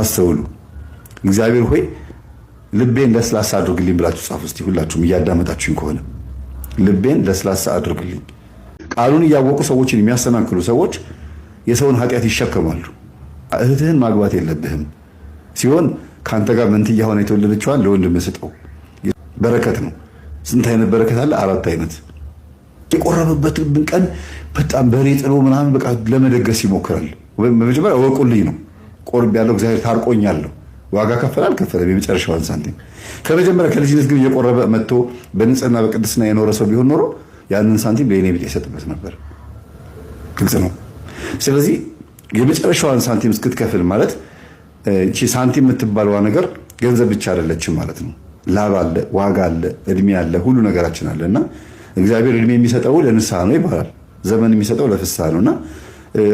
አስተውሉ። እግዚአብሔር ሆይ ልቤን ለስላሳ አድርግልኝ ብላችሁ ጻፉ። እስቲ ሁላችሁም እያዳመጣችሁኝ ከሆነ ልቤን ለስላሳ አድርግልኝ። ቃሉን እያወቁ ሰዎችን የሚያሰናክሉ ሰዎች የሰውን ኃጢአት ይሸከማሉ። እህትህን ማግባት የለብህም ሲሆን ከአንተ ጋር መንትያ ሆነ የተወለደችዋን ለወንድም ስጠው። በረከት ነው። ስንት አይነት በረከት አለ? አራት አይነት። የቆረበበትን ቀን በጣም በሬ ጥሎ ምናምን በቃ ለመደገስ ይሞክራል። በመጀመሪያ እወቁልኝ ነው ቆርብ ያለው እግዚአብሔር ታርቆኛለሁ። ዋጋ ከፈለ አልከፈለም የመጨረሻዋን ሳንቲም ከመጀመሪያ ከልጅነት ግን እየቆረበ መጥቶ በንጽህና በቅድስና የኖረ ሰው ቢሆን ኖሮ ያንን ሳንቲም ለእኔ ቤት የሰጥበት ነበር። ግልጽ ነው። ስለዚህ የመጨረሻዋን ሳንቲም እስክትከፍል ማለት እቺ ሳንቲም የምትባለዋ ነገር ገንዘብ ብቻ አይደለችም ማለት ነው። ላብ አለ፣ ዋጋ አለ፣ እድሜ አለ፣ ሁሉ ነገራችን አለ እና እግዚአብሔር እድሜ የሚሰጠው ለንስሐ ነው ይባላል። ዘመን የሚሰጠው ለፍስሐ ነው እና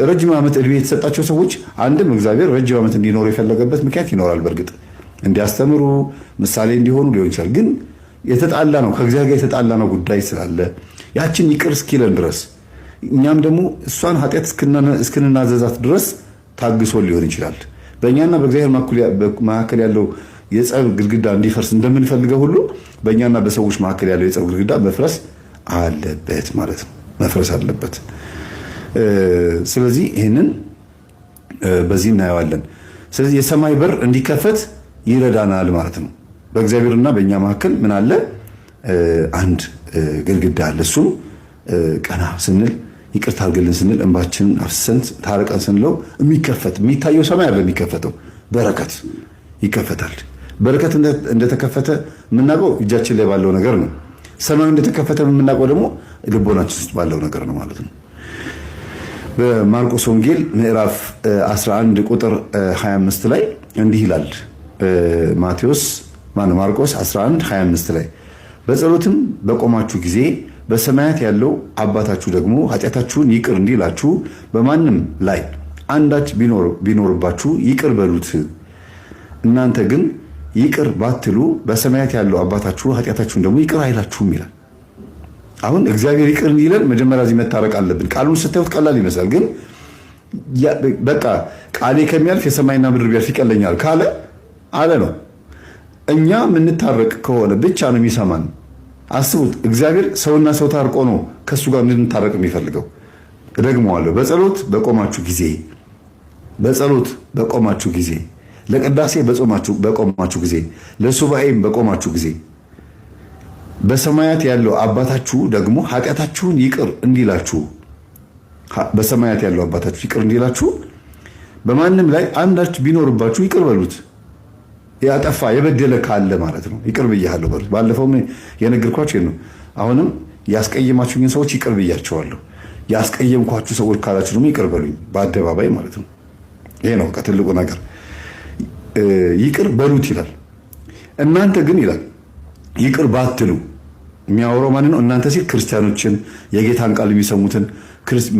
ረጅም ዓመት እድሜ የተሰጣቸው ሰዎች አንድም እግዚአብሔር ረጅም ዓመት እንዲኖሩ የፈለገበት ምክንያት ይኖራል። በእርግጥ እንዲያስተምሩ ምሳሌ እንዲሆኑ ሊሆን ይችላል። ግን የተጣላ ነው ከእግዚአብሔር ጋር የተጣላ ነው ጉዳይ ስላለ ያችን ይቅር እስኪለን ድረስ እኛም ደግሞ እሷን ኃጢአት እስክንናዘዛት ድረስ ታግሶ ሊሆን ይችላል። በእኛና በእግዚአብሔር መካከል ያለው የጸብ ግድግዳ እንዲፈርስ እንደምንፈልገው ሁሉ በእኛና በሰዎች መካከል ያለው የጸብ ግድግዳ መፍረስ አለበት ማለት ነው። መፍረስ አለበት። ስለዚህ ይህንን በዚህ እናየዋለን። ስለዚህ የሰማይ በር እንዲከፈት ይረዳናል ማለት ነው። በእግዚአብሔርና በእኛ መካከል ምን አለ? አንድ ግድግዳ አለ። እሱም ቀና ስንል ይቅርታ አድርግልን ስንል እንባችንን አፍሰን ታረቀን ስንለው የሚከፈት የሚታየው ሰማይ አለ። የሚከፈተው በረከት ይከፈታል። በረከት እንደተከፈተ የምናውቀው እጃችን ላይ ባለው ነገር ነው። ሰማዩ እንደተከፈተ የምናውቀው ደግሞ ልቦናችን ውስጥ ባለው ነገር ነው ማለት ነው። በማርቆስ ወንጌል ምዕራፍ 11 ቁጥር 25 ላይ እንዲህ ይላል። ማቴዎስ ማነው ማርቆስ 11 25 ላይ በጸሎትም በቆማችሁ ጊዜ በሰማያት ያለው አባታችሁ ደግሞ ኃጢአታችሁን ይቅር እንዲላችሁ በማንም ላይ አንዳች ቢኖርባችሁ ይቅር በሉት። እናንተ ግን ይቅር ባትሉ በሰማያት ያለው አባታችሁ ኃጢአታችሁን ደግሞ ይቅር አይላችሁም ይላል። አሁን እግዚአብሔር ይቅር እንዲለን መጀመሪያ እዚህ መታረቅ አለብን። ቃሉን ስታዩት ቀላል ይመስላል፣ ግን በቃ ቃሌ ከሚያልፍ የሰማይና ምድር ቢያልፍ ይቀለኛል ካለ አለ ነው። እኛ የምንታረቅ ከሆነ ብቻ ነው የሚሰማን። አስቡት፣ እግዚአብሔር ሰውና ሰው ታርቆ ነው ከእሱ ጋር እንድንታረቅ የሚፈልገው። እደግመዋለሁ፣ በጸሎት በቆማችሁ ጊዜ በጸሎት በቆማችሁ ጊዜ ለቅዳሴ በቆማችሁ ጊዜ ለሱባኤም በቆማችሁ ጊዜ በሰማያት ያለው አባታችሁ ደግሞ ኃጢአታችሁን ይቅር እንዲላችሁ በሰማያት ያለው አባታችሁ ይቅር እንዲላችሁ በማንም ላይ አንዳች ቢኖርባችሁ ይቅር በሉት። ያጠፋ የበደለ ካለ ማለት ነው። ይቅር ብያለሁ በሉት። ባለፈውም የነገርኳችሁ ነው። አሁንም ያስቀየማችሁኝን ሰዎች ይቅር ብያቸዋለሁ። ያስቀየምኳችሁ ሰዎች ካላችሁ ደግሞ ይቅር በሉኝ፣ በአደባባይ ማለት ነው። ይሄ ነው ከትልቁ ነገር። ይቅር በሉት ይላል። እናንተ ግን ይላል ይቅር ባትሉ የሚያወራው ማንን ነው? እናንተ ሲል ክርስቲያኖችን፣ የጌታን ቃል የሚሰሙትን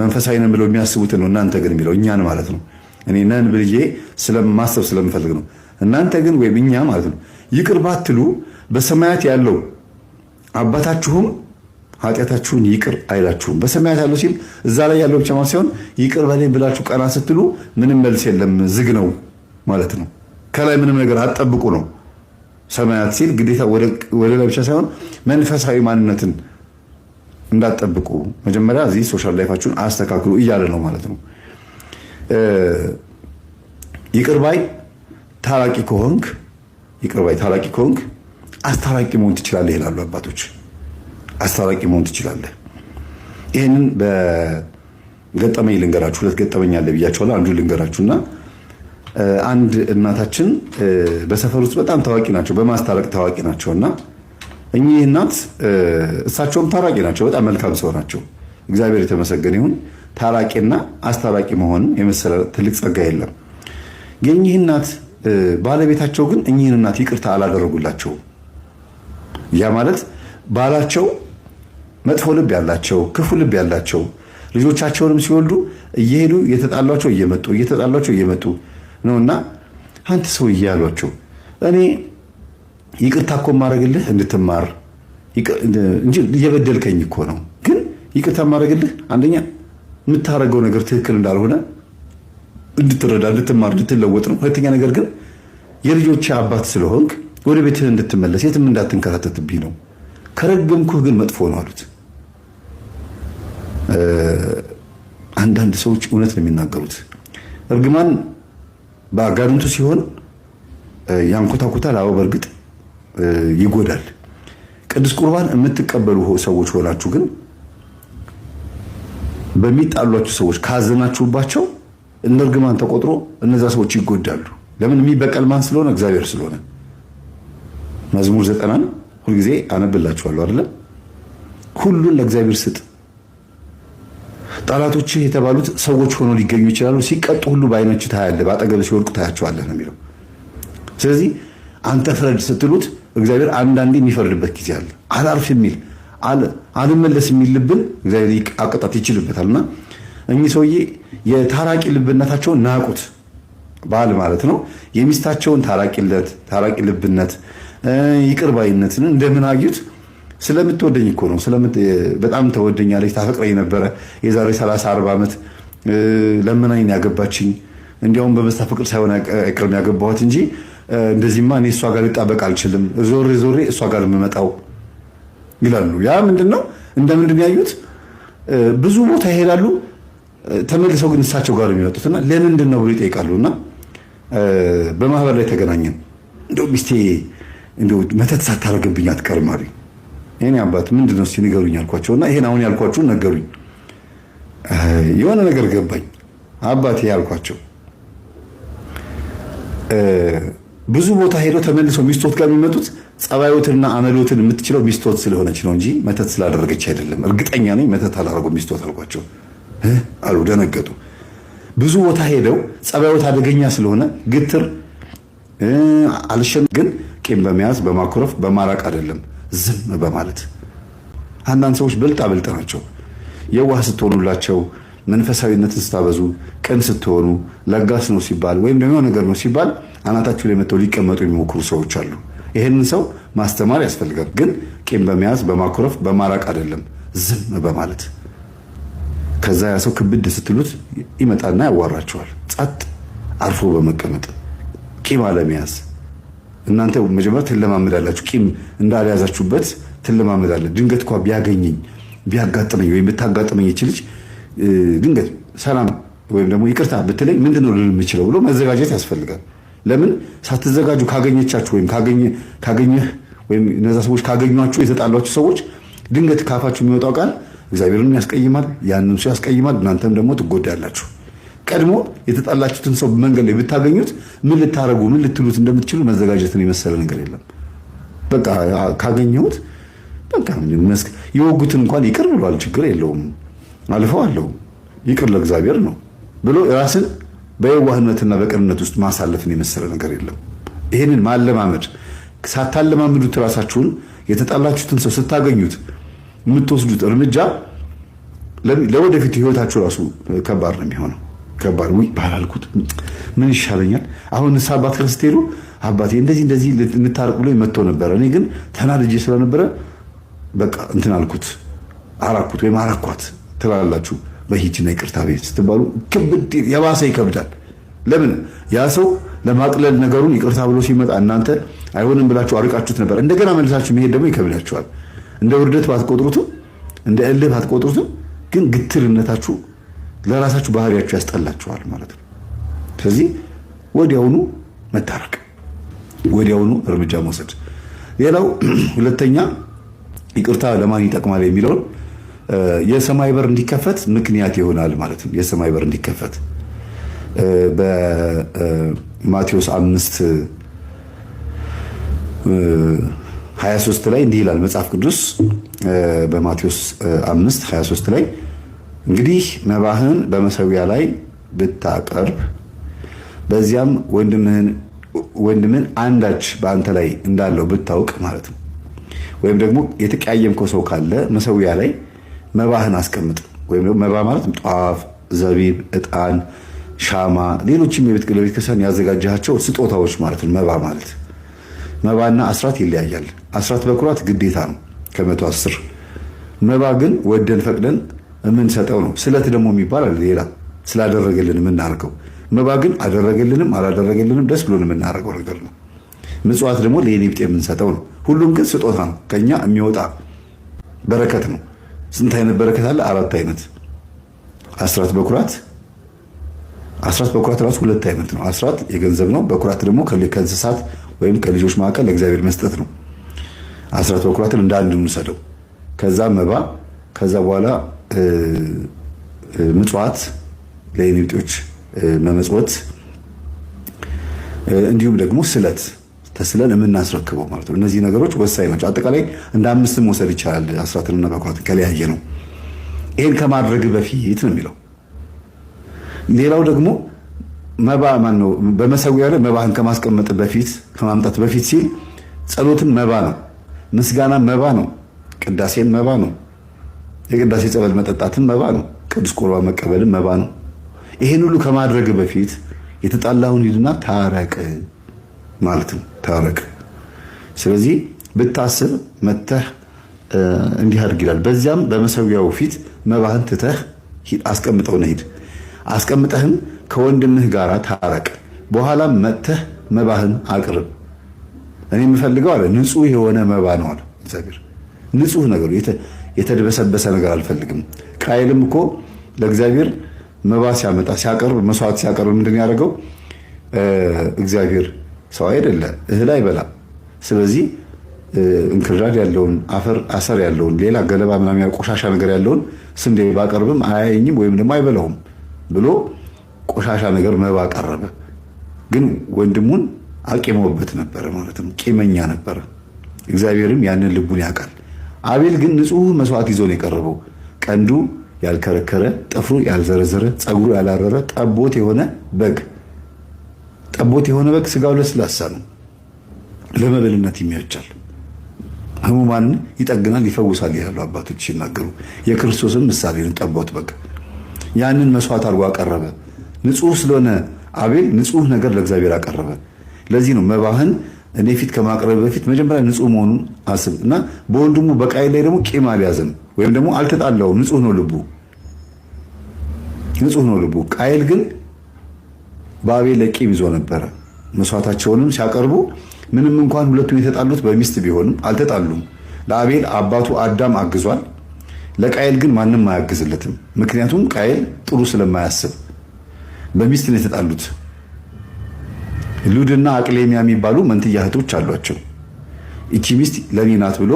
መንፈሳዊ ነን ብለው የሚያስቡትን ነው። እናንተ ግን የሚለው እኛን ማለት ነው። እኔ ነን ብዬ ስለማሰብ ስለምፈልግ ነው። እናንተ ግን ወይም እኛ ማለት ነው ይቅር ባትሉ በሰማያት ያለው አባታችሁም ኃጢአታችሁን ይቅር አይላችሁም። በሰማያት ያለው ሲል እዛ ላይ ያለው ብቻ ማለት ሲሆን ይቅር በለኝ ብላችሁ ቀና ስትሉ ምንም መልስ የለም፣ ዝግ ነው ማለት ነው። ከላይ ምንም ነገር አትጠብቁ ነው። ሰማያት ሲል ግዴታ ወደ ላይ ብቻ ሳይሆን መንፈሳዊ ማንነትን እንዳትጠብቁ መጀመሪያ እዚህ ሶሻል ላይፋችሁን አስተካክሉ እያለ ነው ማለት ነው። ይቅርባይ ታላቂ ከሆንክ ይቅርባይ ታላቂ ከሆንክ አስታራቂ መሆን ትችላለህ ይላሉ አባቶች። አስታራቂ መሆን ትችላለህ። ይህንን በገጠመኝ ልንገራችሁ። ሁለት ገጠመኝ አለ ብያቸዋለሁ። አንዱ ልንገራችሁና አንድ እናታችን በሰፈር ውስጥ በጣም ታዋቂ ናቸው፣ በማስታረቅ ታዋቂ ናቸው እና እኚህ እናት እሳቸውም ታራቂ ናቸው፣ በጣም መልካም ሰው ናቸው። እግዚአብሔር የተመሰገነ ይሁን። ታራቂና አስታራቂ መሆን የመሰለ ትልቅ ጸጋ የለም። የእኚህ እናት ባለቤታቸው ግን እኚህን እናት ይቅርታ አላደረጉላቸውም። ያ ማለት ባላቸው መጥፎ ልብ ያላቸው ክፉ ልብ ያላቸው ልጆቻቸውንም ሲወልዱ እየሄዱ እየተጣሏቸው እየመጡ እየተጣሏቸው እየመጡ ነውና አንተ ሰውዬ አሏቸው። እኔ ይቅርታ እኮ ማድረግልህ እንድትማር እንጂ እየበደልከኝ እኮ ነው። ግን ይቅርታ ማድረግልህ አንደኛ የምታደርገው ነገር ትክክል እንዳልሆነ እንድትረዳ፣ እንድትማር፣ እንድትለወጥ ነው። ሁለተኛ ነገር ግን የልጆች አባት ስለሆንክ ወደ ቤትህ እንድትመለስ የትም እንዳትንከራተትብኝ ነው። ከረገምኩህ ግን መጥፎ ነው አሉት። አንዳንድ ሰዎች እውነት ነው የሚናገሩት እርግማን በአጋንንቱ ሲሆን ያንኮታኮታል። አዎ በእርግጥ ይጎዳል። ቅዱስ ቁርባን የምትቀበሉ ሰዎች ሆናችሁ ግን በሚጣሏችሁ ሰዎች ካዘናችሁባቸው እንደ እርግማን ተቆጥሮ እነዛ ሰዎች ይጎዳሉ። ለምን? የሚበቀል ማን ስለሆነ? እግዚአብሔር ስለሆነ። መዝሙር ዘጠናን ሁልጊዜ አነብላችኋለሁ አይደለም? ሁሉን ለእግዚአብሔር ስጥ ጠላቶችህ የተባሉት ሰዎች ሆኖ ሊገኙ ይችላሉ። ሲቀጡ ሁሉ በአይኖች ታያለህ፣ በአጠገብ ሲወድቁ ታያቸዋለህ ነው የሚለው። ስለዚህ አንተ ፍረድ ስትሉት እግዚአብሔር አንዳንዴ የሚፈርድበት ጊዜ አለ። አላርፍ የሚል አልመለስ የሚል ልብን እግዚአብሔር አቀጣት ይችልበታል። እና እኚህ ሰውዬ የታራቂ ልብነታቸውን ናቁት፣ ባል ማለት ነው። የሚስታቸውን ታራቂ ልብነት ይቅርባይነትን እንደምን አዩት? ስለምትወደኝ እኮ ነው። በጣም ተወደኛለች፣ ታፈቅረኝ ነበረ። የዛሬ 30 40 ዓመት ለምናኝ ያገባችኝ። እንዲያውም በመስታ ፍቅር ሳይሆን አይቀርም ያገባኋት እንጂ እንደዚህማ እኔ እሷ ጋር ልጣበቅ አልችልም። ዞሬ ዞሬ እሷ ጋር የምመጣው ይላሉ። ያ ምንድን ነው? እንደምንድን ያዩት ብዙ ቦታ ይሄዳሉ፣ ተመልሰው ግን እሳቸው ጋር የሚመጡት እና ለምንድን ነው ብሎ ይጠይቃሉ። እና በማህበር ላይ ተገናኘን። እንደው ሚስቴ መተት ሳታደርግብኝ አትቀርም አሉኝ። የኔ አባት ምንድን ነው እስኪ ንገሩኝ አልኳቸው እና ይሄን አሁን ያልኳችሁን ነገሩኝ። የሆነ ነገር ገባኝ። አባቴ አልኳቸው ብዙ ቦታ ሄደው ተመልሰው ሚስቶት ጋር የሚመጡት ጸባዮትንና አመሎትን የምትችለው ሚስቶት ስለሆነች ነው እንጂ መተት ስላደረገች አይደለም። እርግጠኛ ነኝ መተት አላደረጉም ሚስቶት አልኳቸው። አሉ፣ ደነገጡ። ብዙ ቦታ ሄደው ጸባዮት አደገኛ ስለሆነ ግትር አልሸን ግን ቂም በመያዝ በማኩረፍ በማራቅ አይደለም ዝም በማለት አንዳንድ ሰዎች ብልጣ ብልጥ ናቸው። የዋህ ስትሆኑላቸው፣ መንፈሳዊነትን ስታበዙ፣ ቅን ስትሆኑ፣ ለጋስ ነው ሲባል ወይም ደግሞ ነገር ነው ሲባል አናታችሁ ላይ መጥተው ሊቀመጡ የሚሞክሩ ሰዎች አሉ። ይህንን ሰው ማስተማር ያስፈልጋል። ግን ቂም በመያዝ በማኩረፍ በማራቅ አይደለም፣ ዝም በማለት ከዛ ያ ሰው ክብድ ስትሉት ይመጣና ያዋራቸዋል። ጸጥ አርፎ በመቀመጥ ቂም አለመያዝ እናንተ መጀመሪያ ትለማመዳላችሁ። ቂም እንዳልያዛችሁበት ትለማመዳለ። ድንገት እንኳ ቢያገኘኝ ቢያጋጥመኝ ወይም ብታጋጥመኝ ይች ልጅ ድንገት ሰላም ወይም ደግሞ ይቅርታ ብትለኝ ምንድን ነው ልል የምችለው ብሎ መዘጋጀት ያስፈልጋል። ለምን ሳትዘጋጁ ካገኘቻችሁ ወይም ካገኘህ ወይም እነዛ ሰዎች ካገኟችሁ የተጣሏችሁ ሰዎች ድንገት ካፋችሁ የሚወጣው ቃል እግዚአብሔርን ያስቀይማል፣ ያንን ሰው ያስቀይማል፣ እናንተም ደግሞ ትጎዳላችሁ። ቀድሞ የተጣላችሁትን ሰው መንገድ ላይ ብታገኙት ምን ልታረጉ ምን ልትሉት እንደምትችሉ መዘጋጀትን የመሰለ ነገር የለም። በቃ ካገኘሁት በቃ የወጉት እንኳን ይቅር ብሏል፣ ችግር የለውም አልፈው አለው ይቅር ለእግዚአብሔር ነው ብሎ ራስን በየዋህነትና በቅንነት ውስጥ ማሳለፍን የመሰለ ነገር የለም። ይህንን ማለማመድ ሳታለማምዱት ራሳችሁን የተጣላችሁትን ሰው ስታገኙት የምትወስዱት እርምጃ ለወደፊት ህይወታችሁ ራሱ ከባድ ነው የሚሆነው። ከባድ ውይ ባላልኩት ምን ይሻለኛል? አሁን ንስሐ አባት ጋር ስትሄዱ አባቴ እንደዚህ እንደዚህ እንታረቅ ብሎ መጥቶ ነበረ። እኔ ግን ተናድጄ ስለነበረ በቃ እንትን አልኩት አራኩት ወይም አራኳት ትላላችሁ። በሂጅና ይቅርታ ቤት ስትባሉ ክብድ የባሰ ይከብዳል። ለምን ያ ሰው ለማቅለል ነገሩን ይቅርታ ብሎ ሲመጣ እናንተ አይሆንም ብላችሁ አርቃችሁት ነበር። እንደገና መልሳችሁ መሄድ ደግሞ ይከብዳችኋል። እንደ ውርደት ባትቆጥሩትም እንደ እልህ ባትቆጥሩትም ግን ግትርነታችሁ ለራሳችሁ ባህሪያችሁ ያስጠላችኋል ማለት ነው። ስለዚህ ወዲያውኑ መታረቅ፣ ወዲያውኑ እርምጃ መውሰድ። ሌላው ሁለተኛ ይቅርታ ለማን ይጠቅማል የሚለውን የሰማይ በር እንዲከፈት ምክንያት ይሆናል ማለት ነው። የሰማይ በር እንዲከፈት በማቴዎስ አምስት 23 ላይ እንዲህ ይላል መጽሐፍ ቅዱስ በማቴዎስ 5 23 ላይ እንግዲህ መባህን በመሰዊያ ላይ ብታቀርብ በዚያም ወንድምን አንዳች በአንተ ላይ እንዳለው ብታውቅ ማለት ነው። ወይም ደግሞ የተቀያየምከው ሰው ካለ መሰዊያ ላይ መባህን አስቀምጥ። ወይም መባ ማለት ጧፍ፣ ዘቢብ፣ ዕጣን፣ ሻማ፣ ሌሎችም ለቤተ ክርስቲያን ያዘጋጃቸው ስጦታዎች ማለት ነው። መባ ማለት መባና አስራት ይለያያል። አስራት በኩራት ግዴታ ነው ከመቶ አስር መባ ግን ወደን ፈቅደን የምንሰጠው ነው። ስለት ደግሞ የሚባል አለ ሌላ ስላደረገልን የምናደርገው። መባ ግን አደረገልንም አላደረገልንም ደስ ብሎን የምናደርገው ነገር ነው። ምጽዋት ደግሞ ለኔ የምንሰጠው ነው። ሁሉም ግን ስጦታ ነው፣ ከኛ የሚወጣ በረከት ነው። ስንት አይነት በረከት አለ? አራት አይነት አስራት በኩራት አስራት በኩራት ራሱ ሁለት አይነት ነው። አስራት የገንዘብ ነው። በኩራት ደግሞ ከእንስሳት ወይም ከልጆች መካከል ለእግዚአብሔር መስጠት ነው። አስራት በኩራትን እንደ አንድ እንውሰደው። ከዛ መባ ከዛ በኋላ ምጽዋት ለኢትዮጵዎች መመጽወት እንዲሁም ደግሞ ስለት ተስለን የምናስረክበው ማለት ነው። እነዚህ ነገሮች ወሳኝ ናቸው። አጠቃላይ እንደ አምስትም መውሰድ ይቻላል። አስራትንና በኩራትን ከለያየ ነው። ይህን ከማድረግ በፊት ነው የሚለው። ሌላው ደግሞ መባ ማን ነው? በመሰዊያ ላይ መባህን ከማስቀመጥ በፊት ከማምጣት በፊት ሲል ጸሎትን መባ ነው፣ ምስጋና መባ ነው፣ ቅዳሴን መባ ነው። የቅዳሴ ጸበል መጠጣትን መባ ነው። ቅዱስ ቁርባ መቀበልን መባ ነው። ይሄን ሁሉ ከማድረግ በፊት የተጣላሁን ሂድና ታረቅ ማለት ነው። ታረቅ። ስለዚህ ብታስብ መተህ እንዲህ አድርግ ይላል። በዚያም በመሰዊያው ፊት መባህን ትተህ አስቀምጠው ነው ሂድ። አስቀምጠህም ከወንድምህ ጋር ታረቅ። በኋላም መተህ መባህን አቅርብ። እኔ የምፈልገው አለ ንጹህ የሆነ መባ ነው አለ እግዚአብሔር። ንጹህ ነገሩ የተደበሰበሰ ነገር አልፈልግም። ቃየልም እኮ ለእግዚአብሔር መባ ሲያመጣ ሲያቀርብ፣ መስዋዕት ሲያቀርብ ምንድን ያደረገው? እግዚአብሔር ሰው አይደለ እህል አይበላ። ስለዚህ እንክርዳድ ያለውን አፈር አሰር ያለውን ሌላ ገለባ ምናምን ቆሻሻ ነገር ያለውን ስንዴ ባቀርብም አያየኝም ወይም ደግሞ አይበላውም ብሎ ቆሻሻ ነገር መባ ቀረበ። ግን ወንድሙን አቂመውበት ነበረ ማለት ነው። ቂመኛ ነበረ። እግዚአብሔርም ያንን ልቡን ያውቃል። አቤል ግን ንጹህ መስዋዕት ይዞ ነው የቀረበው። ቀንዱ ያልከረከረ፣ ጥፍሩ ያልዘረዘረ፣ ፀጉሩ ያላረረ ጠቦት የሆነ በግ ጠቦት የሆነ በግ ስጋው ለስላሳ ነው፣ ለመብልነት ይመቻል፣ ሕሙማንን ይጠግናል፣ ይፈውሳል ይላሉ አባቶች ሲናገሩ። የክርስቶስም ምሳሌ ነው ጠቦት በግ። ያንን መስዋዕት አድርጎ አቀረበ። ንጹህ ስለሆነ አቤል ንጹህ ነገር ለእግዚአብሔር አቀረበ። ለዚህ ነው መባህን እኔ ፊት ከማቅረብ በፊት መጀመሪያ ንጹህ መሆኑን አስብ እና በወንድሙ በቃይ ላይ ደግሞ ቂም አልያዝም ወይም ደግሞ አልተጣላውም። ንጹህ ነው ልቡ፣ ንጹህ ነው ልቡ። ቃይል ግን በአቤል ላይ ቂም ይዞ ነበረ። መስዋዕታቸውንም ሲያቀርቡ ምንም እንኳን ሁለቱም የተጣሉት በሚስት ቢሆንም አልተጣሉም። ለአቤል አባቱ አዳም አግዟል። ለቃይል ግን ማንም አያግዝለትም። ምክንያቱም ቃይል ጥሩ ስለማያስብ በሚስት ነው የተጣሉት። ሉድና አቅሌሚያ የሚባሉ መንትያ እህቶች አሏቸው። እቺ ሚስት ለኔ ናት ብሎ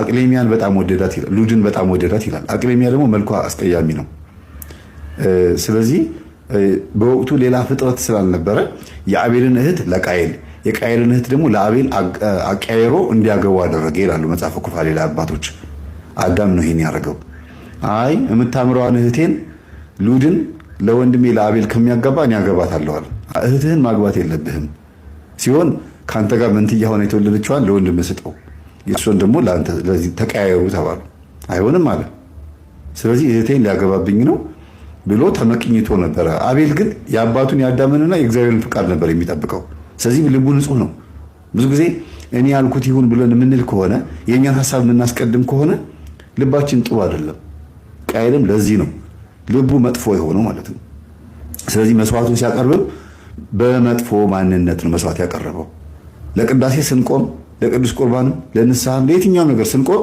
አቅሌሚያን በጣም ወደዳት ይላል፣ ሉድን በጣም ወደዳት ይላል። አቅሌሚያ ደግሞ መልኳ አስቀያሚ ነው። ስለዚህ በወቅቱ ሌላ ፍጥረት ስላልነበረ የአቤልን እህት ለቃየል የቃየልን እህት ደግሞ ለአቤል አቀያይሮ እንዲያገቡ አደረገ ይላሉ መጽሐፈ ኩፋሌ ላይ አባቶች። አዳም ነው ይሄን ያደረገው። አይ የምታምረዋን እህቴን ሉድን ለወንድሜ ለአቤል ከሚያገባ እኔ ያገባታለሁ አለ። እህትህን ማግባት የለብህም ሲሆን ከአንተ ጋር መንትያ ሆና የተወለደችዋን ለወንድም ስጠው፣ የእሷን ደግሞ ለዚህ ተቀያየሩ ተባሉ። አይሆንም አለ። ስለዚህ እህቴን ሊያገባብኝ ነው ብሎ ተመቅኝቶ ነበረ። አቤል ግን የአባቱን የአዳምንና የእግዚአብሔርን ፍቃድ ነበር የሚጠብቀው። ስለዚህ ልቡ ንጹህ ነው። ብዙ ጊዜ እኔ ያልኩት ይሁን ብለን የምንል ከሆነ የእኛን ሀሳብ የምናስቀድም ከሆነ ልባችን ጥሩ አይደለም። ቃየልም ለዚህ ነው ልቡ መጥፎ የሆነው ማለት ነው። ስለዚህ መስዋዕቱን ሲያቀርብም በመጥፎ ማንነት ነው መስዋዕት ያቀረበው። ለቅዳሴ ስንቆም፣ ለቅዱስ ቁርባንም፣ ለንስሐም፣ ለየትኛውም ነገር ስንቆም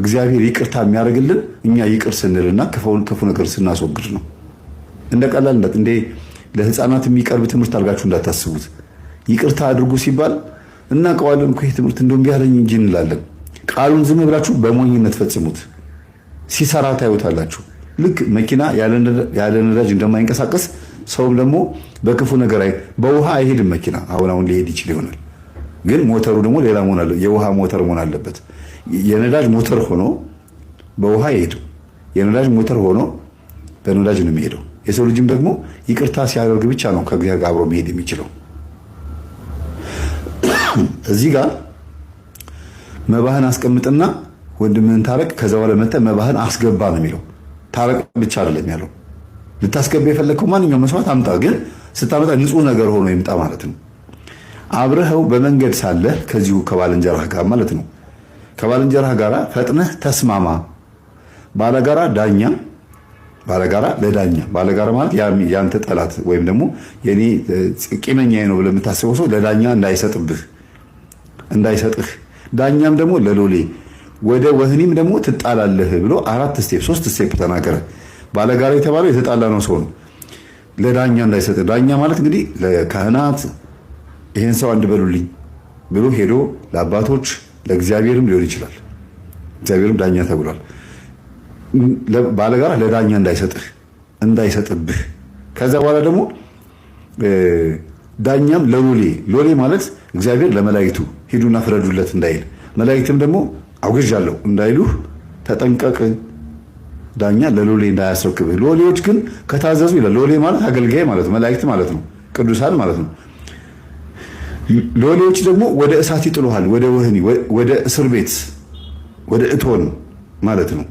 እግዚአብሔር ይቅርታ የሚያደርግልን እኛ ይቅር ስንልና ክፉ ነገር ስናስወግድ ነው። እንደ ቀላልነት እንደ ለህፃናት የሚቀርብ ትምህርት አድርጋችሁ እንዳታስቡት። ይቅርታ አድርጉ ሲባል እናውቀዋለን እኮ ይህ ትምህርት እንደውም ቢያለኝ እንጂ እንላለን። ቃሉን ዝም ብላችሁ በሞኝነት ፈጽሙት፣ ሲሰራ ታዩታላችሁ። ልክ መኪና ያለ ነዳጅ እንደማይንቀሳቀስ ሰውም ደግሞ በክፉ ነገር አይ በውሃ አይሄድም መኪና። አሁን አሁን ሊሄድ ይችል ይሆናል፣ ግን ሞተሩ ደግሞ ሌላ መሆን አለ። የውሃ ሞተር መሆን አለበት። የነዳጅ ሞተር ሆኖ በውሃ አይሄድም። የነዳጅ ሞተር ሆኖ በነዳጅ ነው የሚሄደው። የሰው ልጅም ደግሞ ይቅርታ ሲያደርግ ብቻ ነው ከእግዚአብሔር ጋር አብሮ መሄድ የሚችለው። እዚህ ጋር መባህን አስቀምጥና ወንድምህን ታረቅ፣ ከዛ በኋላ መጥተህ መባህን አስገባ ነው የሚለው። ታረቅ ብቻ አይደለም ያለው ልታስገባ የፈለግከው ማንኛውም መስዋዕት አምጣ፣ ግን ስታመጣ ንጹህ ነገር ሆኖ ይምጣ ማለት ነው። አብረኸው በመንገድ ሳለህ ከዚሁ ከባልንጀራህ ጋር ማለት ነው። ከባልንጀራህ ጋር ፈጥነህ ተስማማ። ባለጋራ ዳኛ፣ ባለጋራ ለዳኛ ባለጋራ ማለት ያንተ ጠላት ወይም ደግሞ የኔ ቂመኛ ነው ብለህ የምታስበው ሰው ለዳኛ እንዳይሰጥብህ እንዳይሰጥህ ዳኛም ደግሞ ለሎሌ ወደ ወህኒም ደግሞ ትጣላለህ ብሎ አራት ስቴፕ ሶስት ስቴፕ ተናገረ። ባለጋራ የተባለው የተጣላ ነው ሰው ነው ለዳኛ እንዳይሰጥ ዳኛ ማለት እንግዲህ ለካህናት ይህን ሰው አንድ በሉልኝ ብሎ ሄዶ ለአባቶች ለእግዚአብሔርም ሊሆን ይችላል። እግዚአብሔርም ዳኛ ተብሏል። ባለጋራ ለዳኛ እንዳይሰጥህ እንዳይሰጥብህ ከዛ በኋላ ደግሞ ዳኛም ለሎሌ ሎሌ ማለት እግዚአብሔር ለመላይቱ ሂዱና ፍረዱለት እንዳይል መላይትም ደግሞ አውግዣለሁ እንዳይሉህ ተጠንቀቅ ዳኛ ለሎሌ እንዳያስረክብህ። ሎሌዎች ግን ከታዘዙ ይላል። ሎሌ ማለት አገልጋይ ማለት ነው፣ መላእክት ማለት ነው፣ ቅዱሳን ማለት ነው። ሎሌዎች ደግሞ ወደ እሳት ይጥሉሃል፣ ወደ ወህኒ፣ ወደ እስር ቤት፣ ወደ እቶን ማለት ነው።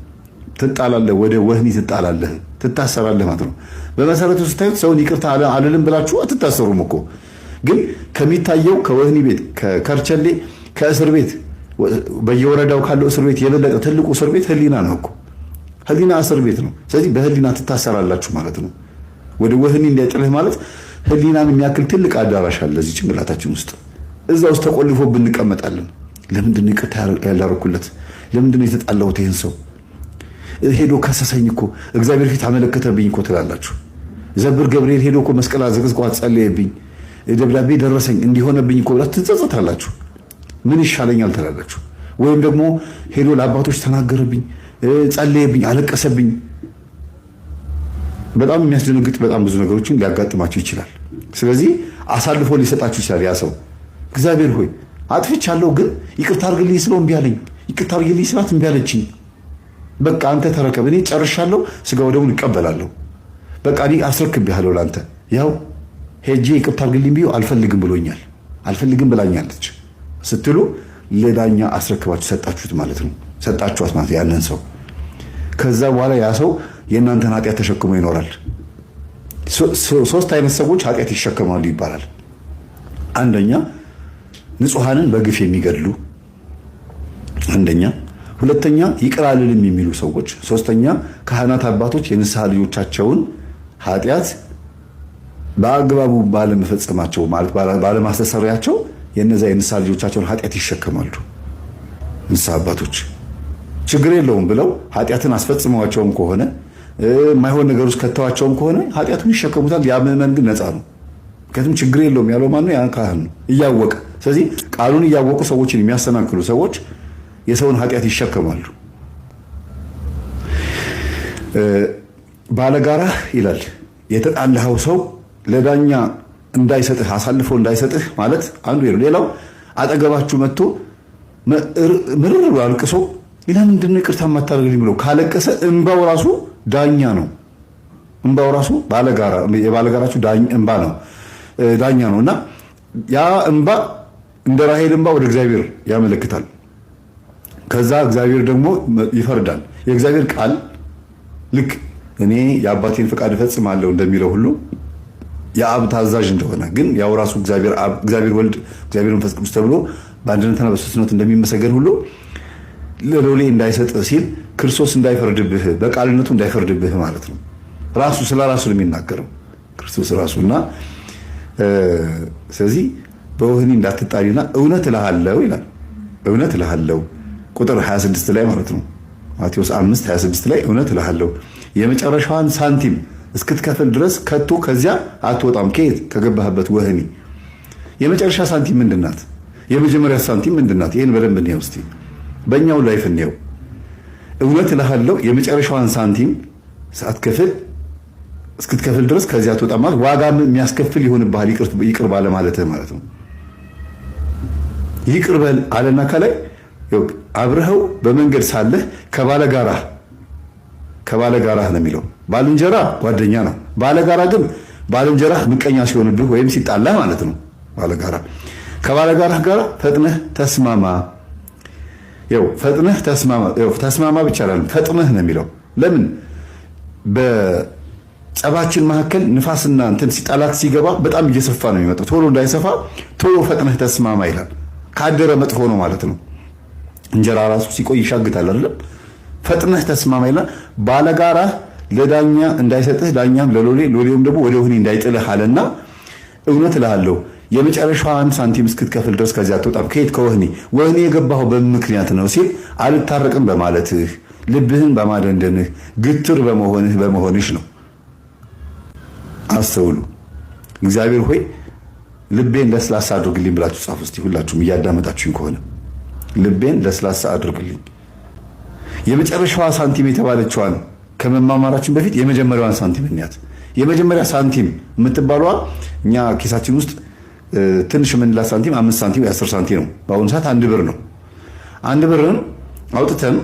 ትጣላለህ፣ ወደ ወህኒ ትጣላለህ፣ ትታሰራለህ ማለት ነው። በመሰረቱ ስታዩት ሰውን ይቅርታ አልልም ብላችሁ አትታሰሩም እኮ ግን ከሚታየው ከወህኒ ቤት ከከርቸሌ ከእስር ቤት በየወረዳው ካለው እስር ቤት የበለጠ ትልቁ እስር ቤት ህሊና ነው እኮ። ህሊና እስር ቤት ነው። ስለዚህ በህሊና ትታሰራላችሁ ማለት ነው። ወደ ወህኒ እንዲያጭልህ ማለት ህሊናን የሚያክል ትልቅ አዳራሽ አለ እዚህ ጭንቅላታችን ውስጥ። እዛ ውስጥ ተቆልፎ ብንቀመጣለን። ለምንድን ነው ይቅርታ ያላረኩለት? ለምንድን የተጣላሁት? ይህን ሰው ሄዶ ከሰሰኝ እኮ እግዚአብሔር ፊት አመለከተብኝ እኮ ትላላችሁ። ዘብር ገብርኤል ሄዶ እኮ መስቀል አዘቅዝቆ አጸለየብኝ፣ ደብዳቤ ደረሰኝ፣ እንዲሆነብኝ እኮ ብላ ትጸጸታላችሁ። ምን ይሻለኛል ትላላችሁ። ወይም ደግሞ ሄዶ ለአባቶች ተናገረብኝ ጸለየብኝ፣ አለቀሰብኝ። በጣም የሚያስደነግጥ በጣም ብዙ ነገሮችን ሊያጋጥማችሁ ይችላል። ስለዚህ አሳልፎ ሊሰጣችሁ ይችላል። ያ ሰው እግዚአብሔር ሆይ አጥፍቻለሁ፣ ግን ይቅርታ አድርግልኝ ስለው እምቢ አለኝ፣ ይቅርታ አድርግልኝ ስላት እምቢ አለችኝ። በቃ አንተ ተረከብ፣ እኔ ጨርሻለሁ፣ ስጋ ወደሙን ይቀበላለሁ። በቃ እኔ አስረክብሃለሁ ለአንተ። ያው ሄጄ ይቅርታ አድርግልኝ ብዬ አልፈልግም ብሎኛል፣ አልፈልግም ብላኛለች ስትሉ ለዳኛ አስረክባችሁ ሰጣችሁት ማለት ነው። ሰጣችኋት ማለት ያንን ሰው። ከዛ በኋላ ያ ሰው የእናንተን ኃጢአት ተሸክሞ ይኖራል። ሶስት አይነት ሰዎች ኃጢአት ይሸከማሉ ይባላል። አንደኛ ንጹሐንን በግፍ የሚገድሉ አንደኛ፣ ሁለተኛ ይቅር አልልም የሚሉ ሰዎች፣ ሶስተኛ ካህናት አባቶች የንስሐ ልጆቻቸውን ኃጢአት በአግባቡ ባለመፈጸማቸው ማለት ባለማስተሰሪያቸው የነዚ የንስሐ ልጆቻቸውን ኃጢአት ይሸከማሉ ንስሐ አባቶች። ችግር የለውም ብለው ኃጢአትን አስፈጽመዋቸውም ከሆነ የማይሆን ነገር ውስጥ ከተዋቸውም ከሆነ ኃጢአቱን ይሸከሙታል። ያ ምዕመን ግን ነፃ ነው። ምክንያቱም ችግር የለውም ያለው ማነው? ያን ካህን ነው እያወቀ። ስለዚህ ቃሉን እያወቁ ሰዎችን የሚያሰናክሉ ሰዎች የሰውን ኃጢአት ይሸከማሉ። ባለጋራ ይላል የተጣላኸው ሰው ለዳኛ እንዳይሰጥህ አሳልፎ እንዳይሰጥህ ማለት አንዱ ሌላው አጠገባችሁ መጥቶ ምርር አልቅሶ ሌላ ምንድን ነው ይቅርታ የማታደርግልኝ ብሎ ካለቀሰ እንባው ራሱ ዳኛ ነው። እንባው ራሱ የባለጋራችሁ እንባ ነው ዳኛ ነው እና ያ እንባ እንደ ራሄል እንባ ወደ እግዚአብሔር ያመለክታል። ከዛ እግዚአብሔር ደግሞ ይፈርዳል። የእግዚአብሔር ቃል ልክ እኔ የአባቴን ፈቃድ እፈጽማለሁ እንደሚለው ሁሉ የአብ ታዛዥ እንደሆነ ግን ያው ራሱ እግዚአብሔር ወልድ፣ እግዚአብሔር መንፈስ ቅዱስ ተብሎ በአንድነትና በሦስትነት እንደሚመሰገን ሁሉ ለሎሌ እንዳይሰጥ ሲል ክርስቶስ እንዳይፈርድብህ በቃልነቱ እንዳይፈርድብህ ማለት ነው። ራሱ ስለ ራሱ ነው የሚናገረው ክርስቶስ ራሱና ስለዚህ በወህኒ እንዳትጣሪና እውነት እልሃለሁ ይላል። እውነት እልሃለሁ ቁጥር 26 ላይ ማለት ነው ማቴዎስ 5 26 ላይ እውነት እልሃለሁ የመጨረሻዋን ሳንቲም እስክትከፍል ድረስ ከቶ ከዚያ አትወጣም። ከየት ከገባህበት ወህኒ። የመጨረሻ ሳንቲም ምንድናት? የመጀመሪያ ሳንቲም ምንድናት? ይህን በደንብ እንየው በእኛው ላይፍ እንየው። እውነት እልሃለሁ የመጨረሻዋን ሳንቲም ሳትከፍል እስክትከፍል ድረስ ከዚያ አትወጣም። ማለት ዋጋ የሚያስከፍል ይሆንብሃል። ይቅር ባለ ማለት ማለት ነው። ይቅር በል አለና ከላይ አብረኸው በመንገድ ሳለህ ከባለ ጋራ ከባለ ጋራ ነው የሚለው። ባልንጀራ ጓደኛ ነው። ባለ ጋራ ግን ባልንጀራ ምቀኛ ሲሆንብህ ወይም ሲጣላህ ማለት ነው። ባለ ጋራ ከባለ ጋራ ጋራ ፈጥነህ ተስማማ። ይኸው ፈጥነህ ተስማማ፣ ይኸው ተስማማ ብቻ አላለም፣ ፈጥነህ ነው የሚለው። ለምን በጸባችን መካከል ንፋስና እንትን ሲጣላት ሲገባ በጣም እየሰፋ ነው የሚመጣው። ቶሎ እንዳይሰፋ ቶሎ ፈጥነህ ተስማማ ይላል። ካደረ መጥፎ ነው ማለት ነው። እንጀራ ራሱ ሲቆይ ይሻግታል አይደለም? ፈጥነህ ተስማማ ይላል። ባለጋራህ ለዳኛ እንዳይሰጥህ፣ ዳኛም ለሎሌ፣ ሎሌውም ደግሞ ወደ ወህኒ እንዳይጥልህ አለና እውነት እልሃለሁ የመጨረሻዋን ሳንቲም እስክትከፍል ድረስ ከዚያ አትወጣም። ከየት ከወህኒ ወህኒ የገባኸው በምክንያት ነው ሲል አልታረቅም በማለትህ ልብህን በማደንደንህ ግትር በመሆንህ በመሆንሽ ነው። አስተውሉ። እግዚአብሔር ሆይ ልቤን ለስላሳ አድርግልኝ ብላችሁ ጻፉ እስቲ ሁላችሁም እያዳመጣችሁኝ ከሆነ ልቤን ለስላሳ አድርግልኝ። የመጨረሻዋ ሳንቲም የተባለችዋን ከመማማራችን በፊት የመጀመሪያዋን ሳንቲም እንያት። የመጀመሪያ ሳንቲም የምትባሏ እኛ ኪሳችን ውስጥ ትንሽ የምንላት ሳንቲም አምስት ሳንቲም የአስር ሳንቲም ነው። በአሁኑ ሰዓት አንድ ብር ነው። አንድ ብርን አውጥተን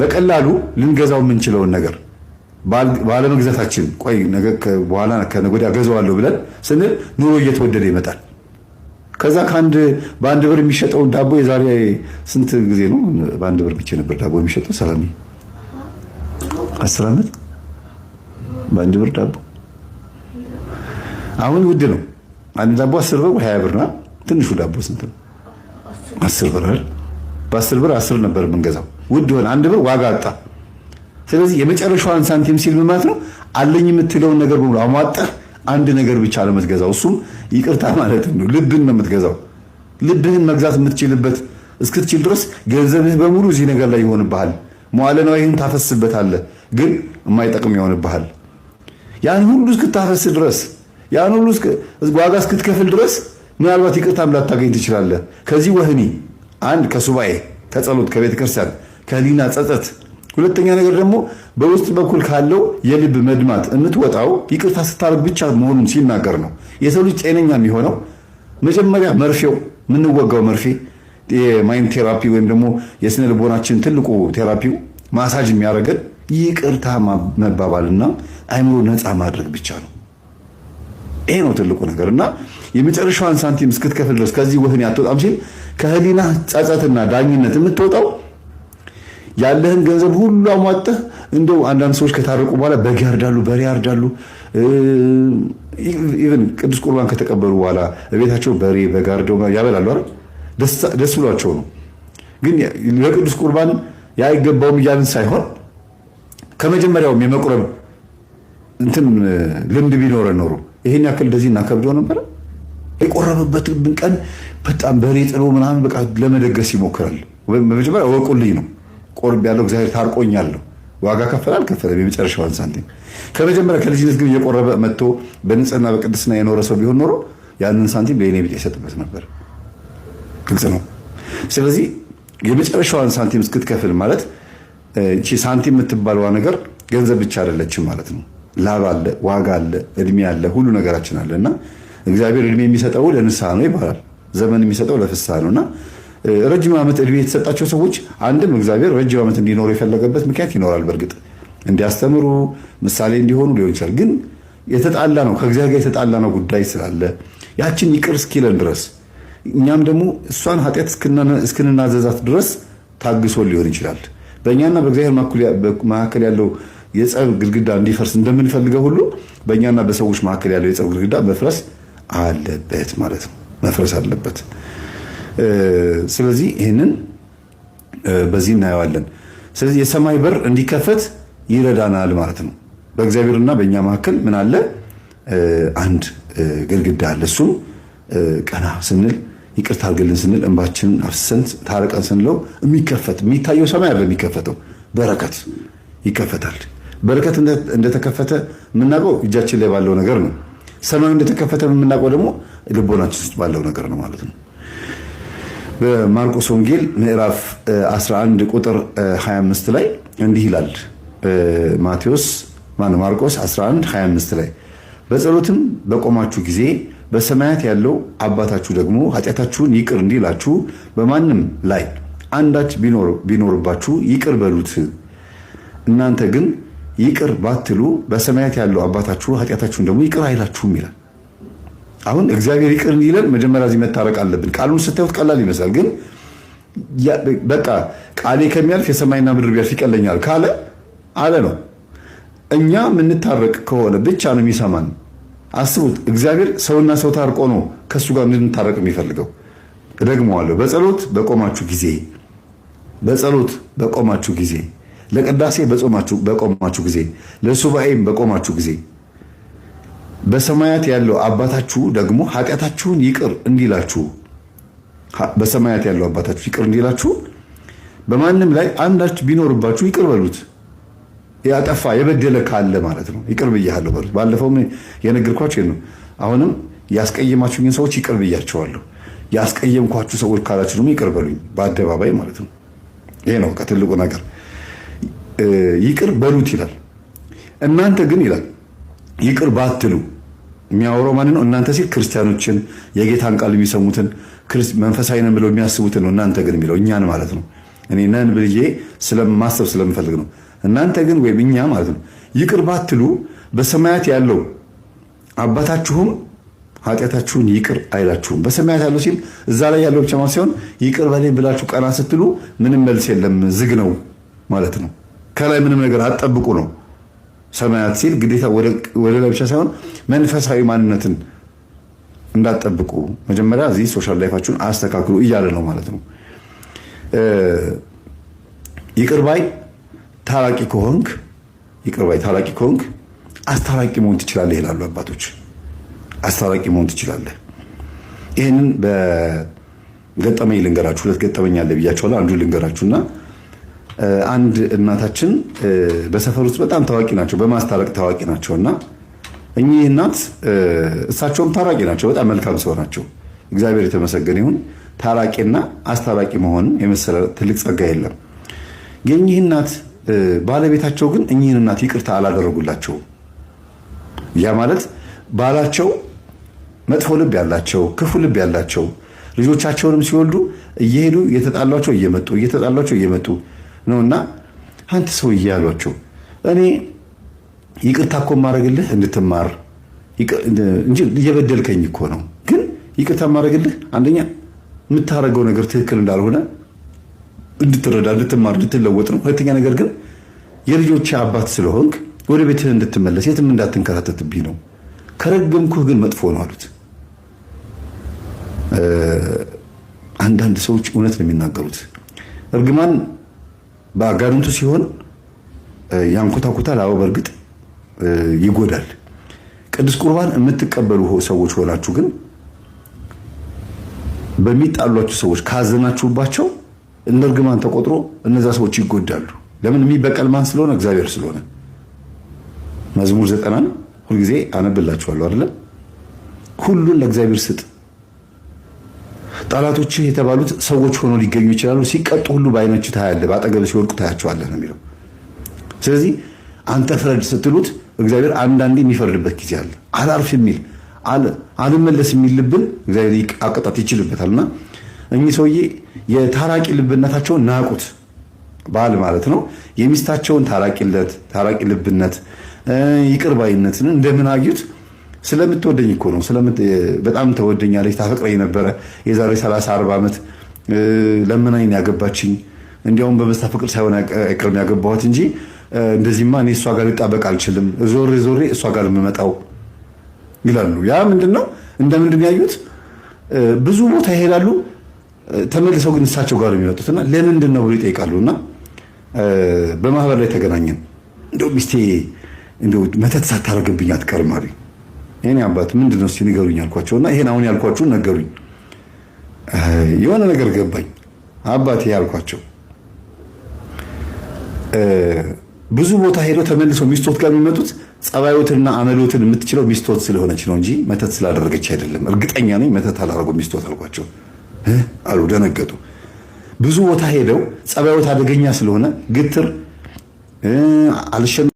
በቀላሉ ልንገዛው የምንችለውን ነገር ባለመግዛታችን ቆይ ነገ በኋላ ከነገ ወዲያ ገዛዋለሁ ብለን ስንል ኑሮ እየተወደደ ይመጣል። ከዛ ከአንድ በአንድ ብር የሚሸጠውን ዳቦ የዛሬ ስንት ጊዜ ነው በአንድ ብር ብቻ ነበር ዳቦ የሚሸጠው? ሰላም አስር ዓመት በአንድ ብር ዳቦ አሁን ውድ ነው። አንድ ዳቦ አስር ብር ወይ ሀያ ብር ነው። ትንሹ ዳቦ ስንት ነው? አስር ብር አይደል? በአስር ብር አስር ነበር የምንገዛው። ውድ ሆነ፣ አንድ ብር ዋጋ አጣ። ስለዚህ የመጨረሻዋን ሳንቲም ሲል ማለት ነው አለኝ የምትለውን ነገር በሙሉ አሟጠህ አንድ ነገር ብቻ ለምትገዛው፣ እሱም ይቅርታ ማለት ነው። ልብን ነው የምትገዛው። ልብህን መግዛት የምትችልበት እስክትችል ድረስ ገንዘብህ በሙሉ እዚህ ነገር ላይ ይሆንብሃል። መዋለ ንዋይህን ታፈስበታለህ፣ ግን የማይጠቅም ይሆንብሃል። ያን ሁሉ እስክታፈስ ድረስ ያን ሁሉ ዋጋ እስክትከፍል ድረስ ምናልባት ይቅርታም ላታገኝ ትችላለህ። ከዚህ ወህኒ አንድ ከሱባኤ ከጸሎት ከቤተ ክርስቲያን ከህሊና ጸጸት፣ ሁለተኛ ነገር ደግሞ በውስጥ በኩል ካለው የልብ መድማት የምትወጣው ይቅርታ ስታደርግ ብቻ መሆኑን ሲናገር ነው። የሰው ልጅ ጤነኛ የሚሆነው መጀመሪያ መርፌው የምንወጋው መርፌ የማይንድ ቴራፒ ወይም ደግሞ የስነ ልቦናችን ትልቁ ቴራፒው ማሳጅ የሚያደርገን ይቅርታ መባባልና አይምሮ ነፃ ማድረግ ብቻ ነው። ይሄ ነው ትልቁ ነገር እና የመጨረሻዋን ሳንቲም እስክትከፍል ድረስ ከዚህ ወህኒ አትወጣም ሲል ከህሊና ጸጸትና ዳኝነት የምትወጣው ያለህን ገንዘብ ሁሉ አሟጠህ እንደው አንዳንድ ሰዎች ከታረቁ በኋላ በግ ያርዳሉ፣ በሬ ያርዳሉ። ኢቨን ቅዱስ ቁርባን ከተቀበሉ በኋላ ቤታቸው በሬ በግ አርደው ያበላሉ አይደል? ደስ ብሏቸው ነው። ግን ለቅዱስ ቁርባን ያይገባውም እያልን ሳይሆን ከመጀመሪያውም የመቁረብ እንትን ልምድ ቢኖረን ኖሮ ይሄን ያክል እንደዚህ እናከብደው ነበረ። የቆረበበትን ቀን በጣም በሬ ጥሎ ምናምን በቃ ለመደገስ ይሞክራል። በመጀመሪያ ወቁልኝ ነው ቆርብ ያለው እግዚአብሔር ታርቆኛለሁ። ዋጋ ከፈለ አልከፈለም የመጨረሻዋን ሳንቲም ከመጀመሪያ ከልጅነት ግን እየቆረበ መጥቶ በንጽህና በቅድስና የኖረ ሰው ቢሆን ኖሮ ያንን ሳንቲም ለእኔ ቤት ይሰጥበት ነበር። ግልጽ ነው። ስለዚህ የመጨረሻዋን ሳንቲም እስክትከፍል ማለት ሳንቲም የምትባለዋ ነገር ገንዘብ ብቻ አይደለችም ማለት ነው። ላብ አለ፣ ዋጋ አለ፣ እድሜ አለ፣ ሁሉ ነገራችን አለ እና እግዚአብሔር እድሜ የሚሰጠው ለንስሐ ነው ይባላል። ዘመን የሚሰጠው ለፍስሐ ነው እና ረጅም ዓመት እድሜ የተሰጣቸው ሰዎች አንድም እግዚአብሔር ረጅም ዓመት እንዲኖሩ የፈለገበት ምክንያት ይኖራል። በእርግጥ እንዲያስተምሩ ምሳሌ እንዲሆኑ ሊሆን ይችላል። ግን የተጣላ ነው ከእግዚአብሔር ጋር የተጣላ ነው ጉዳይ ስላለ ያችን ይቅር እስኪለን ድረስ እኛም ደግሞ እሷን ኃጢአት እስክንናዘዛት ድረስ ታግሶ ሊሆን ይችላል። በእኛና በእግዚአብሔር መካከል ያለው የጸብ ግድግዳ እንዲፈርስ እንደምንፈልገው ሁሉ በእኛና በሰዎች መካከል ያለው የጸብ ግድግዳ መፍረስ አለበት ማለት ነው። መፍረስ አለበት። ስለዚህ ይህንን በዚህ እናየዋለን። ስለዚህ የሰማይ በር እንዲከፈት ይረዳናል ማለት ነው። በእግዚአብሔርና በእኛ መካከል ምን አለ? አንድ ግድግዳ አለ። እሱም ቀና ስንል ይቅርታ አድርግልን ስንል እንባችንን አፍሰን ታረቀን ስንለው የሚከፈት የሚታየው ሰማይ አለ። የሚከፈተው በረከት ይከፈታል። በረከት እንደተከፈተ የምናውቀው እጃችን ላይ ባለው ነገር ነው። ሰማዩ እንደተከፈተ የምናውቀው ደግሞ ልቦናችን ውስጥ ባለው ነገር ነው ማለት ነው። በማርቆስ ወንጌል ምዕራፍ 11 ቁጥር 25 ላይ እንዲህ ይላል። ማቴዎስ ማርቆስ 11 25 ላይ በጸሎትም በቆማችሁ ጊዜ በሰማያት ያለው አባታችሁ ደግሞ ኃጢአታችሁን ይቅር እንዲላችሁ በማንም ላይ አንዳች ቢኖርባችሁ ይቅር በሉት እናንተ ግን ይቅር ባትሉ በሰማያት ያለው አባታችሁ ኃጢአታችሁን ደግሞ ይቅር አይላችሁም ይላል። አሁን እግዚአብሔር ይቅር ይለን መጀመሪያ እዚህ መታረቅ አለብን። ቃሉን ስታዩት ቀላል ይመስላል፣ ግን በቃ ቃሌ ከሚያልፍ የሰማይና ምድር ቢያልፍ ይቀለኛል ካለ አለ ነው። እኛ የምንታረቅ ከሆነ ብቻ ነው የሚሰማን። አስቡት፣ እግዚአብሔር ሰውና ሰው ታርቆ ነው ከእሱ ጋር እንድንታረቅ የሚፈልገው። እደግመዋለሁ፣ በጸሎት በቆማችሁ ጊዜ በጸሎት በቆማችሁ ጊዜ ለቅዳሴ በጾማችሁ በቆማችሁ ጊዜ ለሱባኤም በቆማችሁ ጊዜ በሰማያት ያለው አባታችሁ ደግሞ ኃጢአታችሁን ይቅር እንዲላችሁ በሰማያት ያለው አባታችሁ ይቅር እንዲላችሁ በማንም ላይ አንዳች ቢኖርባችሁ ይቅር በሉት። ያጠፋ የበደለ ካለ ማለት ነው። ይቅር ብያለሁ በሉት። ባለፈውም የነገርኳችሁ ነው። አሁንም ያስቀየማችሁኝን ሰዎች ይቅር ብያቸዋለሁ። ያስቀየምኳችሁ ሰዎች ካላችሁ ደግሞ ይቅር በሉኝ፣ በአደባባይ ማለት ነው። ይሄ ነው ከትልቁ ነገር ይቅር በሉት ይላል። እናንተ ግን ይላል ይቅር ባትሉ የሚያወራው ማን ነው? እናንተ ሲል ክርስቲያኖችን፣ የጌታን ቃል የሚሰሙትን መንፈሳዊ ነን ብለው የሚያስቡትን ነው። እናንተ ግን የሚለው እኛን ማለት ነው። እኔ ነን ብዬ ስለማሰብ ስለምፈልግ ነው። እናንተ ግን ወይም እኛ ማለት ነው ይቅር ባትሉ በሰማያት ያለው አባታችሁም ኃጢአታችሁን ይቅር አይላችሁም። በሰማያት ያለው ሲል እዛ ላይ ያለው ብቻ ሲሆን ይቅር በሌን ብላችሁ ቀና ስትሉ ምንም መልስ የለም ዝግ ነው ማለት ነው። ከላይ ምንም ነገር አትጠብቁ ነው። ሰማያት ሲል ግዴታ ወደ ላይ ብቻ ሳይሆን መንፈሳዊ ማንነትን እንዳጠብቁ መጀመሪያ እዚህ ሶሻል ላይፋችሁን አስተካክሉ እያለ ነው ማለት ነው። ይቅርባይ ታላቂ ከሆንክ ይቅርባይ ታላቂ ከሆንክ አስታራቂ መሆን ትችላለህ ይላሉ አባቶች። አስታራቂ መሆን ትችላለህ። ይህንን በገጠመኝ ልንገራችሁ። ሁለት ገጠመኝ አለ ብያቸዋለሁ። አንዱ ልንገራችሁና አንድ እናታችን በሰፈር ውስጥ በጣም ታዋቂ ናቸው፣ በማስታረቅ ታዋቂ ናቸው እና እኚህ እናት እሳቸውም ታራቂ ናቸው፣ በጣም መልካም ሰው ናቸው። እግዚአብሔር የተመሰገነ ይሁን። ታራቂና አስታራቂ መሆን የመሰለ ትልቅ ጸጋ የለም። የእኚህ እናት ባለቤታቸው ግን እኚህን እናት ይቅርታ አላደረጉላቸውም። ያ ማለት ባላቸው መጥፎ ልብ ያላቸው ክፉ ልብ ያላቸው ልጆቻቸውንም ሲወልዱ እየሄዱ እየተጣሏቸው እየመጡ እየተጣሏቸው እየመጡ ነውና አንተ ሰውዬ ያሏቸው እኔ ይቅርታ እኮ ማድረግልህ እንድትማር እንጂ እየበደልከኝ እኮ ነው። ግን ይቅርታ ማድረግልህ አንደኛ የምታደርገው ነገር ትክክል እንዳልሆነ እንድትረዳ፣ እንድትማር፣ እንድትለወጥ ነው። ሁለተኛ ነገር ግን የልጆች አባት ስለሆንክ ወደ ቤትህ እንድትመለስ የትም እንዳትንከራተትብኝ ነው። ከረገምኩህ ግን መጥፎ ነው አሉት። አንዳንድ ሰዎች እውነት ነው የሚናገሩት እርግማን በአጋንንቱ ሲሆን ያንኮታኮታል። አዎ በእርግጥ ይጎዳል። ቅዱስ ቁርባን የምትቀበሉ ሰዎች ሆናችሁ ግን በሚጣሏችሁ ሰዎች ካዘናችሁባቸው እንደ እርግማን ተቆጥሮ እነዛ ሰዎች ይጎዳሉ። ለምን? የሚበቀል ማን ስለሆነ? እግዚአብሔር ስለሆነ። መዝሙር ዘጠናን ሁልጊዜ አነብላችኋለሁ አይደለም? ሁሉን ለእግዚአብሔር ስጥ ጠላቶችህ የተባሉት ሰዎች ሆኖ ሊገኙ ይችላሉ። ሲቀጡ ሁሉ በዓይኖች ታያለ፣ በአጠገብ ሲወድቁ ታያቸዋለህ ነው የሚለው። ስለዚህ አንተ ፍረድ ስትሉት እግዚአብሔር አንዳንዴ የሚፈርድበት ጊዜ አለ። አላርፍ የሚል አልመለስ የሚል ልብን እግዚአብሔር አቀጣት ይችልበታል። እና እኚህ ሰውዬ የታራቂ ልብነታቸውን ናቁት፣ ባል ማለት ነው። የሚስታቸውን ታራቂ ልብነት ይቅርባይነትን እንደምን አዩት? ስለምትወደኝ እኮ ነው። በጣም ተወደኛለች፣ ታፈቅረኝ ነበረ። የዛሬ 30 40 ዓመት ለምናኝ ያገባችኝ። እንዲያውም በመስታ ፍቅር ሳይሆን አይቀርም ያገባኋት እንጂ እንደዚህማ እኔ እሷ ጋር ልጣበቅ አልችልም፣ ዞሬ ዞሬ እሷ ጋር የምመጣው ይላሉ። ያ ምንድን ነው? እንደምንድን ያዩት ብዙ ቦታ ይሄዳሉ፣ ተመልሰው ግን እሳቸው ጋር የሚመጡት እና ለምንድን ነው ብሎ ይጠይቃሉ። እና በማህበር ላይ ተገናኘን። እንደው ሚስቴ እንደው መተት ሳታረግብኝ አትቀርም አሉኝ። የኔ አባት ምንድነው እስኪ ንገሩኝ አልኳቸውና ይሄን አሁን ያልኳችሁን ነገሩኝ። የሆነ ነገር ገባኝ። አባቴ ያልኳቸው ብዙ ቦታ ሄደው ተመልሰው ሚስቶት ጋር የሚመጡት ጸባዮትንና አመሎትን የምትችለው ሚስቶት ስለሆነች ነው እንጂ መተት ስላደረገች አይደለም። እርግጠኛ ነኝ መተት አላደረጉ ሚስቶት አልኳቸው አሉ። ደነገጡ። ብዙ ቦታ ሄደው ጸባዮት አደገኛ ስለሆነ ግትር አልሸ